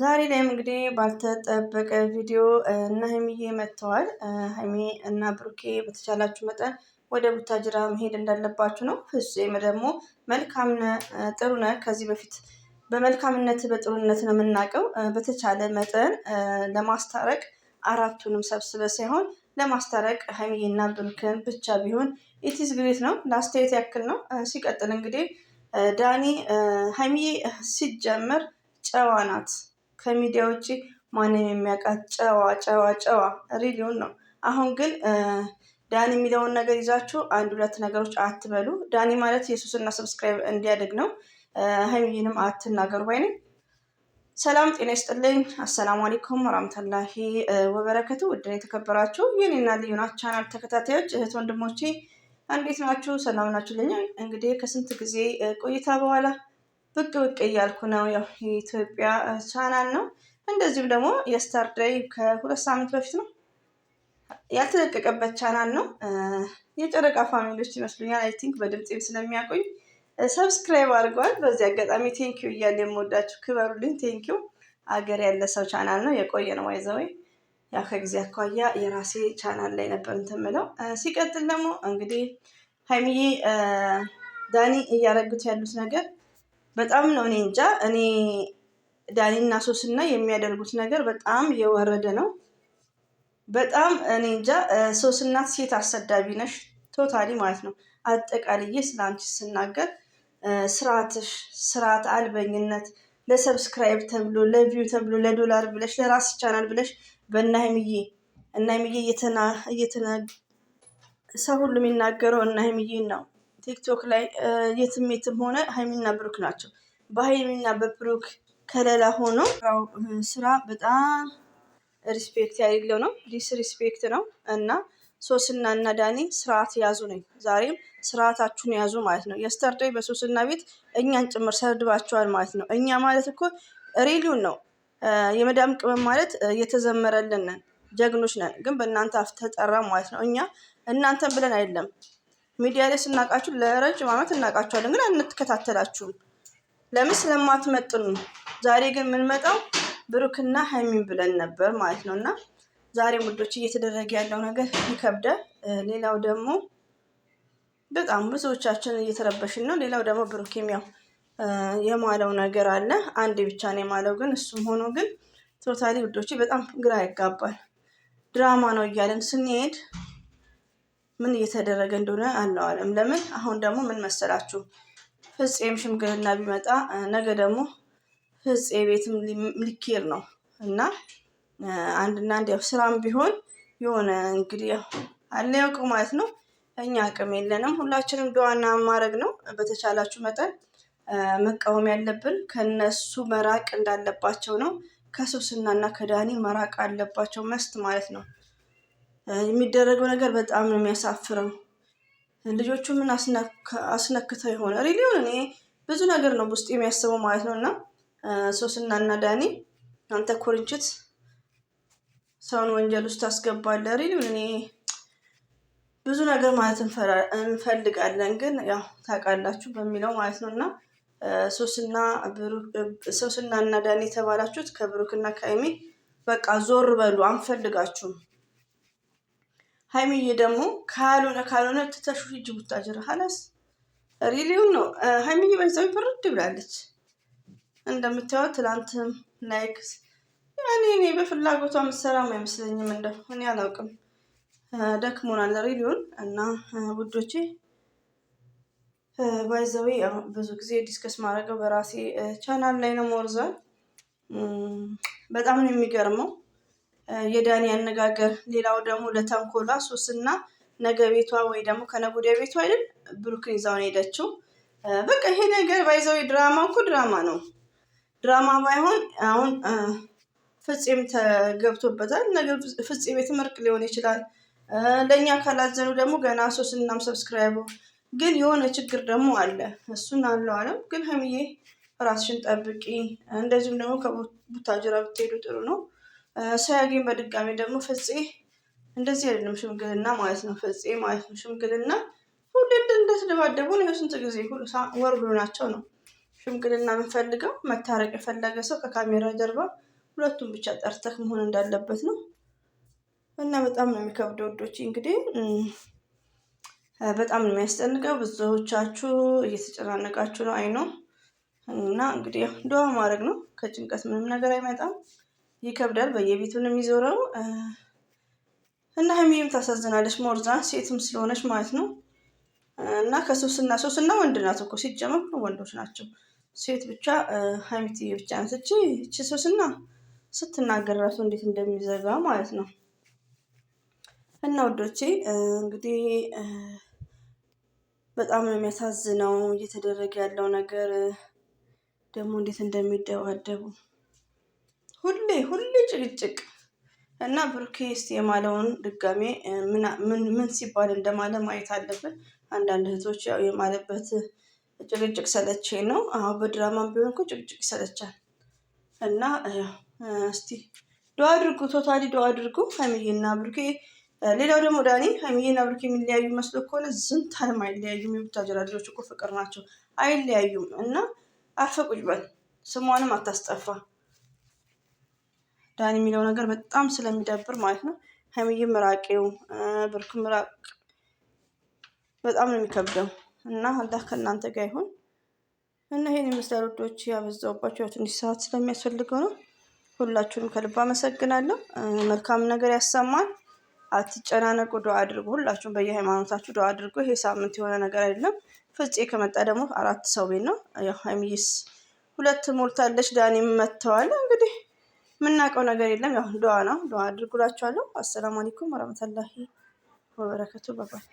ዛሬ ላይም እንግዲህ ባልተጠበቀ ቪዲዮ እና ሀይሚዬ መጥተዋል። ሀይሚ እና ብሩኬ በተቻላችሁ መጠን ወደ ቡታጅራ መሄድ እንዳለባችሁ ነው። ፍጹም ደግሞ መልካም ጥሩ ነ ከዚህ በፊት በመልካምነት በጥሩነት ነው የምናውቀው። በተቻለ መጠን ለማስታረቅ አራቱንም ሰብስበ ሳይሆን ለማስታረቅ ሀይሚዬና ብሩክን ብቻ ቢሆን ኢትዝ ግሬት ነው። ለአስተያየት ያክል ነው። ሲቀጥል እንግዲህ ዳኒ ሀይሚዬ ሲጀመር ጨዋ ናት። ከሚዲያ ውጭ ማንም የሚያውቃት ጨዋ ጨዋ ጨዋ ሪሊውን ነው። አሁን ግን ዳኒ የሚለውን ነገር ይዛችሁ አንድ ሁለት ነገሮች አትበሉ። ዳኒ ማለት የሱስና ሰብስክራይብ እንዲያደግ ነው። ሀይሚንም አትናገሩ ባይ ሰላም ጤና ይስጥልኝ። አሰላሙ አለይኩም ወራህመቱላሂ ወበረከቱ። ውድን የተከበራችሁ የኔና ልዩና ቻናል ተከታታዮች እህት ወንድሞቼ እንዴት ናችሁ? ሰላም ናችሁ? ልኛ እንግዲህ ከስንት ጊዜ ቆይታ በኋላ ብቅ ብቅ እያልኩ ነው። የኢትዮጵያ ቻናል ነው። እንደዚሁም ደግሞ የስታርደይ ከሁለት ሳምንት በፊት ነው ያልተለቀቀበት ቻናል ነው። የጨረቃ ፋሚሊዎች ይመስሉኛል። አይ ቲንክ በድምጽም ስለሚያቆኝ ሰብስክራይብ አድርገዋል። በዚህ አጋጣሚ ቴንኪዩ እያለ የምወዳችሁ ክበሩልኝ። ቴንኪዩ አገር ያለ ሰው ቻናል ነው የቆየ ነው። ይዘወይ ያው ከጊዜ አኳያ የራሴ ቻናል ላይ ነበር እንትን ምለው። ሲቀጥል ደግሞ እንግዲህ ሀይሚዬ ዳኒ እያረጉት ያሉት ነገር በጣም ነው እኔ እንጃ። እኔ ዳኒና ሶስና የሚያደርጉት ነገር በጣም የወረደ ነው። በጣም እኔ እንጃ። ሶስና ሴት አሰዳቢ ነሽ ቶታሊ ማለት ነው። አጠቃልዬ ስለ አንቺ ስናገር ስርዓትሽ፣ ስርዓት አልበኝነት፣ ለሰብስክራይብ ተብሎ ለቪው ተብሎ ለዶላር ብለሽ ለራስ ቻናል ብለሽ በእነ ሀይሚዬ እና ሀይሚዬ እየተና ሰው ሁሉ የሚናገረው እና ሀይሚዬን ነው ቲክቶክ ላይ የትም የትም ሆነ ሀይሚና ብሩክ ናቸው። በሀይሚና በብሩክ ከለላ ሆኖ ስራ በጣም ሪስፔክት ያሌለው ነው፣ ዲስሪስፔክት ነው። እና ሶስና እና ዳኒ ስርዓት ያዙ ነኝ። ዛሬም ስርዓታችሁን ያዙ ማለት ነው። የስተርዶይ በሶስና ቤት እኛን ጭምር ሰድባቸዋል ማለት ነው። እኛ ማለት እኮ ሬሊዩን ነው የመዳም ቅመም ማለት የተዘመረልን ነን፣ ጀግኖች ነን። ግን በእናንተ አፍ ተጠራ ማለት ነው። እኛ እናንተን ብለን አይደለም ሚዲያ ላይ ስናውቃችሁ ለረጅም ዓመት እናውቃችኋለን፣ ግን አንትከታተላችሁም ለምን ስለማትመጡን ነው። ዛሬ ግን የምንመጣው ብሩክና ሀይሚን ብለን ነበር ማለት ነው። እና ዛሬ ውዶች እየተደረገ ያለው ነገር ይከብዳል። ሌላው ደግሞ በጣም ብዙዎቻችን እየተረበሽን ነው። ሌላው ደግሞ ብሩክ ያው የማለው ነገር አለ። አንድ ብቻ ነው የማለው፣ ግን እሱም ሆኖ ግን ቶታሊ ውዶቼ በጣም ግራ ይጋባል። ድራማ ነው እያለን ስንሄድ ምን እየተደረገ እንደሆነ አናዋለም። ለምን አሁን ደግሞ ምን መሰላችሁ ፍፄም ሽምግልና ቢመጣ ነገ ደግሞ ፍፄ ቤትም ሊኬር ነው እና አንድና አንድ ያው ስራም ቢሆን የሆነ እንግዲህ ያው አለ ማለት ነው። እኛ አቅም የለንም። ሁላችንም ደዋና ማድረግ ነው። በተቻላችሁ መጠን መቃወም ያለብን ከነሱ መራቅ እንዳለባቸው ነው። ከሱስናና ከዳኒ መራቅ አለባቸው መስት ማለት ነው። የሚደረገው ነገር በጣም ነው የሚያሳፍረው። ልጆቹ ምን አስነክተው የሆነ ሪሊዮን እኔ ብዙ ነገር ነው ውስጥ የሚያስበው ማለት ነው። እና ሶስና እና ዳኒ አንተ ኮርንችት ሰውን ወንጀል ውስጥ አስገባለ። ሪሊዮን እኔ ብዙ ነገር ማለት እንፈልጋለን፣ ግን ያው ታውቃላችሁ በሚለው ማለት ነው እና ሶስና እና ዳኒ የተባላችሁት ከብሩክና ከአይሚ በቃ ዞር በሉ፣ አንፈልጋችሁም። ሀይሚዬ ደግሞ ካልሆነ ካልሆነ ትተሹ ሂጅ ቡታጅራ ሀላስ ሪሊውን ነው ሀይሚዬ በዛዊ ፍርድ ብላለች። እንደምታየው ትላንትም ላይክስ ያኔ እኔ በፍላጎቷ ምሰራም አይመስለኝም። እንደ እኔ አላውቅም ደክሞናል ሪሊውን እና ውዶቼ ባይዘዊ ብዙ ጊዜ ዲስከስ ማድረገው በራሴ ቻናል ላይ ነው። ሞርዛል በጣም ነው የሚገርመው የዳኒ አነጋገር፣ ሌላው ደግሞ ለተንኮሏ ሶስና ነገ ቤቷ ወይ ደግሞ ከነጎዲያ ቤቷ አይደል ብሩክን ይዛውን ሄደችው። በቃ ይሄ ነገር ባይዘው ድራማ እኮ ድራማ ነው። ድራማ ባይሆን አሁን ፍፄም ተገብቶበታል። ነገር ፍፄ ቤትም ሊሆን ይችላል። ለእኛ ካላዘኑ ደግሞ ገና ሶስት እናም ሰብስክራይቡ ግን የሆነ ችግር ደግሞ አለ። እሱን አለው አለም ግን ሀይሚዬ ራስሽን ጠብቂ። እንደዚሁም ደግሞ ከቡታጅራ ብትሄዱ ጥሩ ነው። ሳያገኝ በድጋሚ ደግሞ ፍፄ እንደዚህ አይደለም ሽምግልና ማለት ነው። ፍፄ ማለት ነው ሽምግልና ሁሌ እንደተደባደቡ ነው። ስንት ጊዜ ወር ብሎ ናቸው ነው ሽምግልና የምንፈልገው። መታረቅ የፈለገ ሰው ከካሜራ ጀርባ ሁለቱም ብቻ ጠርተህ መሆን እንዳለበት ነው። እና በጣም ነው የሚከብደው ወዶች እንግዲህ በጣም ነው የሚያስጨንቀው። ብዙዎቻችሁ እየተጨናነቃችሁ ነው አይኖ እና እንግዲህ ዱዓ ማድረግ ነው። ከጭንቀት ምንም ነገር አይመጣም። ይከብዳል። በየቤቱ ነው የሚዞረው እና ሀይሚም ታሳዝናለች። ሞርዛ ሴትም ስለሆነች ማለት ነው እና ከሶስትና ሶስትና ወንድ ናት እኮ ሲጀመር ወንዶች ናቸው። ሴት ብቻ ሀሚትዬ ብቻ ናት። እቺ እቺ ሶስትና ስትናገር ራሱ እንዴት እንደሚዘጋ ማለት ነው እና ወዶቼ እንግዲህ በጣም ነው የሚያሳዝነው እየተደረገ ያለው ነገር ደግሞ እንዴት እንደሚደባደቡ ሁሌ ሁሌ ጭቅጭቅ እና ብሩኬ የማለውን ድጋሜ ምን ሲባል እንደማለ ማየት አለብን። አንዳንድ እህቶች ያው የማለበት ጭቅጭቅ ሰለቼ ነው። አሁን በድራማ ቢሆን እኮ ጭቅጭቅ ይሰለቻል። እና እስቲ ዶ አድርጉ፣ ቶታሊ ዶ አድርጉ ሀይሚዬና ብሩኬ። ሌላው ደግሞ ዳኒ ሀይሚዬና ብሩኬ የሚለያዩ መስሎ ከሆነ ዝንታንም አይለያዩም። የቡታጀራ ልጆች እኮ ፍቅር ናቸው፣ አይለያዩም። እና አፈቁጭ በል ስሟንም አታስጠፋ። ዳኒ የሚለው ነገር በጣም ስለሚደብር ማለት ነው። ሀይሚዬ ምራቂው፣ ብርኩ ምራቅ። በጣም ነው የሚከብደው እና አላህ ከእናንተ ጋር ይሁን እና ይህን የመስላል ወዶች ያበዛውባቸው ትንሽ ሰዓት ስለሚያስፈልገው ነው። ሁላችሁንም ከልብ አመሰግናለሁ። መልካም ነገር ያሰማል። አትጨናነቁ። ዱዓ አድርጉ። ሁላችሁም በየሃይማኖታችሁ ዱዓ አድርጉ። ይሄ ሳምንት የሆነ ነገር አይደለም። ፍፄ ከመጣ ደግሞ አራት ሰው ቤት ነው። ሀይሚዬስ ሁለት ሞልታለች። ዳኒም መጥተዋል እንግዲህ የምናውቀው ነገር የለም። ያው ዱዓ ነው። ዱዓ አድርጉላችኋለሁ። አሰላሙ አለይኩም ወረመቱላሂ ወበረከቱ። ባባይ